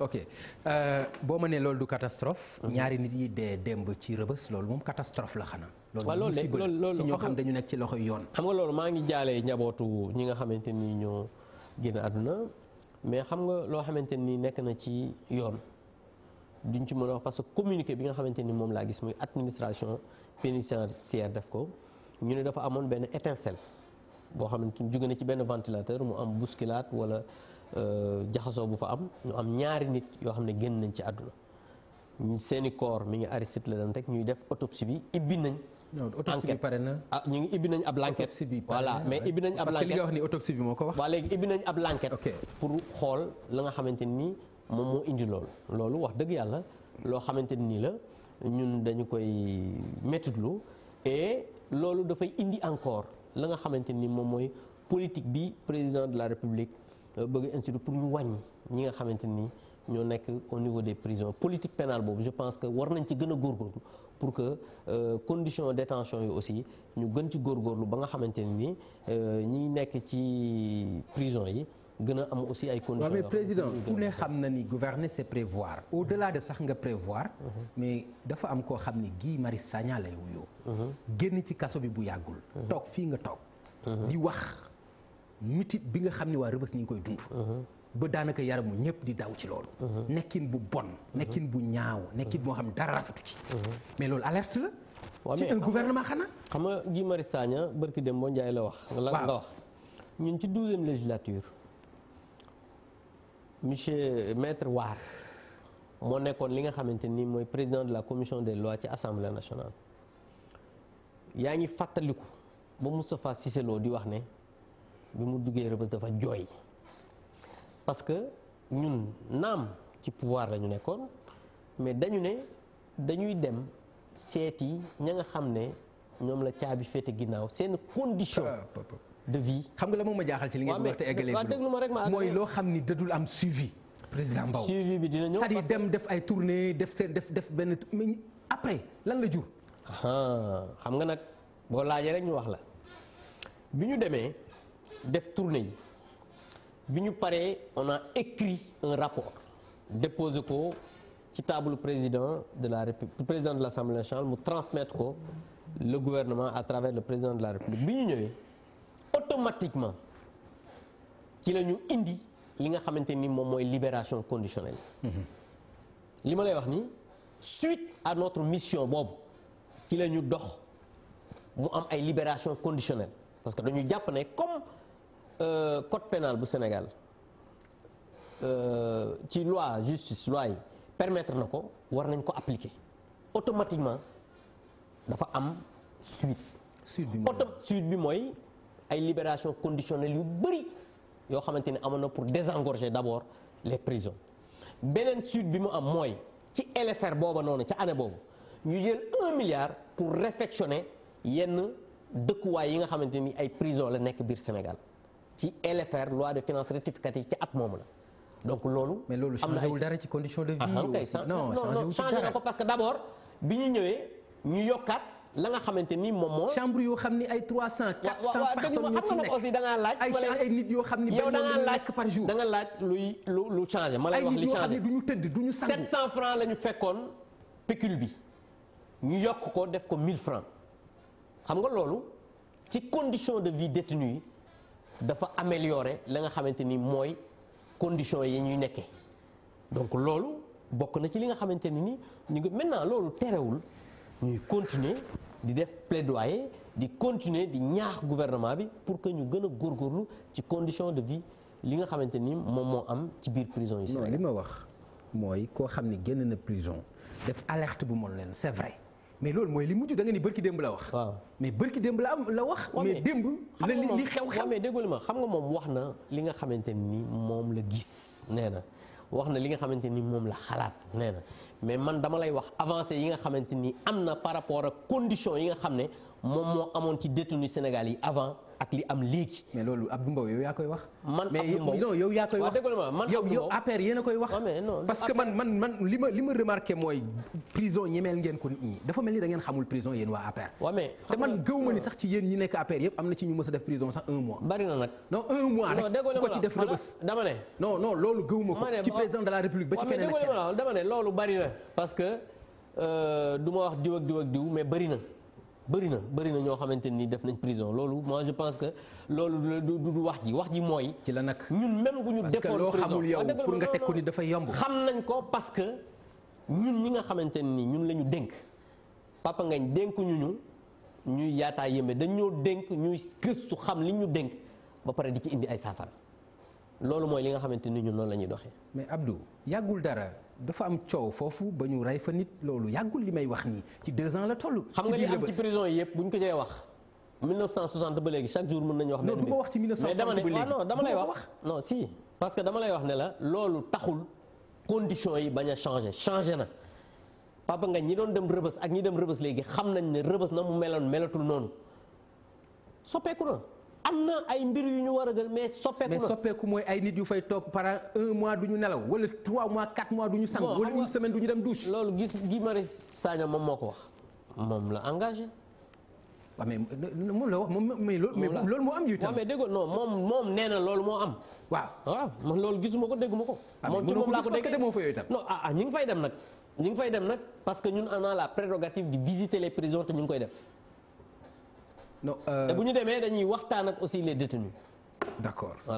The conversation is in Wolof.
ok euh, boo ma nee loolu du catastrophe. ñaari nit yi dee démb ci rëbës loolu moom catastrophe la xanaa. loolu de loolu loolu ñoo xam dañu nekk ci loxoy yoon. xam nga loolu maa ngi jaalee njabootu ñi nga xamante ni ñoo génn àdduna mais xam nga loo xamante ni nekk na ci yoon duñ ci mën a wax parce que communiqué bi nga xamante ni moom laa gis muy administration pénitentiaire def ko ñu ne dafa amoon benn étincelle boo xam ne ni jóge na ci benn ventilateur mu am bousculade wala. Euh, jaxasoo bu fa am ñu am ñaari nit yoo xam ne génn nañ ci àdduna seeni corps mi ngi Aristide la lan rek ñuy def autopsie bi ibbi nañ. autopsie bi pare na ah ñu ngi ibbi nañ ab l'enquête voilà mais ibbi nañ ab l'enquête parce que wax ni autopsie bi ko wax. waaw léegi ibbi nañ ab l'enquête pour xool la nga xamante ni moom moo indi loolu. loolu wax dëgg yàlla loo xamante nii la ñun dañu koy méttitlu et loolu dafay indi encore la nga xamante ni moom mooy politique bi président de la république. bëgg institut pour ñu wàññi ñi nga xamante ñoo nekk au niveau des prisons politique pénale boobu je pense que war nañ ci gën a góorgóorlu pour que euh, condition détention yi aussi ñu gën ci góorgóorlu ba nga xamante ne ni euh, ñi nekk ci prison yi gën a am aussi ay conditions. mais président ku ne xam na ni gouverner c'est prévoir mhm. au delà de sax nga prévoir. Mhm. mais dafa am koo xam ni Guy Marius Sagna lay wuyoo. Mhm. génn ci kaso bi bu yàggul. toog fii nga toog. di wax. mitit bi nga xam ne waa Rebeuss ñu ngi koy dund. Uh-huh. ba daanaka yaramu ñëpp di daw ci loolu. Uh-huh. nekkin bu bon. nekkin bu ñaaw nekkin boo xam ne dara rafetu ci. Uh-huh. mais loolu alerte la. waaw ci un gouvernement xanaa. xam nga Guy Marius Sagna barki dem boo Ndiaye la wax. la nga wax ñun ci douzième législature. monsieur maître War. moo nekkoon li nga xamante ni mooy président de la commission des lois ci assemblée nationale. yaa ngi fàttaliku ba Moustapha Cissé di wax ne. bi mu duggee rëbës dafa jooy parce que ñun naam ci pouvoir la ñu nekkoon mais dañu ne dañuy dem seeti ña nga xam ne ñoom la caabi féete ginnaaw seen condition ah, de vie xam nga la moom ma jaaxal ci li ngeen wax te eggalee waaw déglu ma rek ma mooy loo xam ni dadul am suivi président Mbow suivi bi dina ñëw cest dem def ay tournée def seen def def benn mais après lan la jur xam nga nag boo laajee rek ñu wax la bi ñu demee def tournée yi bi ñu paree on a écrit un rapport déposé ko ci table président de la république président de l'Assemblée nationale mu transmettre ko le gouvernement à travers le président de la république bi ñu ñëwee automatiquement ci la ñu indi li nga xamante ni moom mooy libération conditionnelle. li ma lay wax ni suite à notre mission boobu ci la ñu dox mu am ay libération conditionnelle parce que dañu jàpp ne comme. Euh, code pénal bu Sénégal euh, ci loi justice loi yi permettre na ko war nañ ko appliquer automatiquement dafa am suite. suite bi mooy suite bi mooy ay libération conditionnelle yu bëri yoo xamante ne amoon na pour désengorger d'abord les prisons beneen suite bi mu am mooy ci LFR booba noonu ca année boobu ñu jël un milliard pour réfectionner yenn dëkkuwaay yi nga xamante ni ay prison la nekk biir Sénégal. ci LFR loi de finances rectificative ci at moomu la donc loolu. am na mais loolu changé wul dara ci condition de ah, vie. Ah, non non changé na ko parce que bi ñu ñëwee ñu yokkaat la nga xamante ni moom moo. chambre yoo xam ni ay 300. 400 personnes ñoo ci nekk aussi nit yoo xam ni benn yoo nekk par da nga laaj luy lu lu changé. ma lay wax li changé du ñu tëdd du ñu sangu. 700 francs la ñu fekkoon pécule bi ñu yokk ko def ko 1000 francs xam nga loolu ci condition de vie détenu yi dafa améliorer la nga xamante ni mooy conditions yi ñuy nekke donc loolu bokk na ci li nga xamante ni ni ñu ngi maintenant loolu terewul ñuy continuer di def plaidoyer di continuer di ñaax gouvernement bi pour que ñu gën a góorgóorlu ci condition de vie li nga xamante ni moom moo am ci biir prison yi. li ma wax mooy koo xam ni génn na prison def alerte bu mën leen c'est mais loolu mooy li mujj da nga ni bërki démb la wax. waaw mais bërki démb la am la wax. mais démb la li xew xew mais xam nga moom wax na li nga xamante ni moom la gis nee na wax na li nga xamante ni moom la xalaat nee na mais man dama lay wax avancé yi nga xamante ni am na par rapport ak condition yi nga xam ne moom moo amoon ci détenu Sénégal yi avant. ak li am léegi. mais loolu Abdou Mbow yow yaa koy wax. man Abdou Mbow mais non yow yaa koy wax man yow yow APR yéen a koy wax. que man man man li ma li ma remarqué mooy ko dafa mel ni da ngeen xamul prison yéen waa APR. waaw mais te man gëw ma ni sax a loolu ba ci keneen parce que euh, du ma wax diw ak diw ak diw mais bari na bëri na bëri na ñoo xamante ni def nañ prison loolu moi je pense que loolu du wax ji wax ji mooy. ci la nag ñun même gu ñu. defoon prison parce que loo xamul yow nga teg ko ni dafa yomb. xam nañ ko parce que ñun ñi nga xamante ni ñun la ñu dénk papa ngañ dénk ñu ñu ñuy yaataa yéeme dañ ñoo dénk ñuy këstu xam li ñu dénk ba pare di ci indi ay saafara loolu mooy li nga xamante ni ñun noonu la ñuy doxee. mais Abdou yàggul dara. dafa am coow foofu ba ñu rey fa nit loolu yàggul li may wax nii ci deux ans la toll. xam nga li am ci prison yëpp bu ñu ko jëlee wax. 1960 ba léegi chaque jour mën nañu wax. benn bi wax ci 1960 ba léegi mais dama ne non dama lay wax. non si parce que dama lay wax ne la loolu taxul conditions yi bañ a changé changé na papa nga ñi doon dem rëbës ak ñi dem rëbës léegi xam nañ ne rëbës na mu meloon melatul noonu soppeeku na. am na ay mbir yu ñu war a gën mais soppeeku na mooy ay nit yu fay toog pendant un mois du ñu nelaw wala trois mois quatre mois du ñu sang wala une semaine du ñu loolu gis Guy Marius moom moo ko wax moom la ah, moom la wax moom mais loolu moo am yu tam. waaw mais dégg non moom moo am. waaw waaw ah, ko dégguma ko. Ah, moom ci moom laa yooyu tam. non ah ah ñu ngi fay dem nag ñu ngi fay dem nag parce que ñun on a la prérogative de visiter les prisons te ñu ngi koy def. non euh, te bu ñu demee dañuy waxtaan ak aussi les détenus. d'accord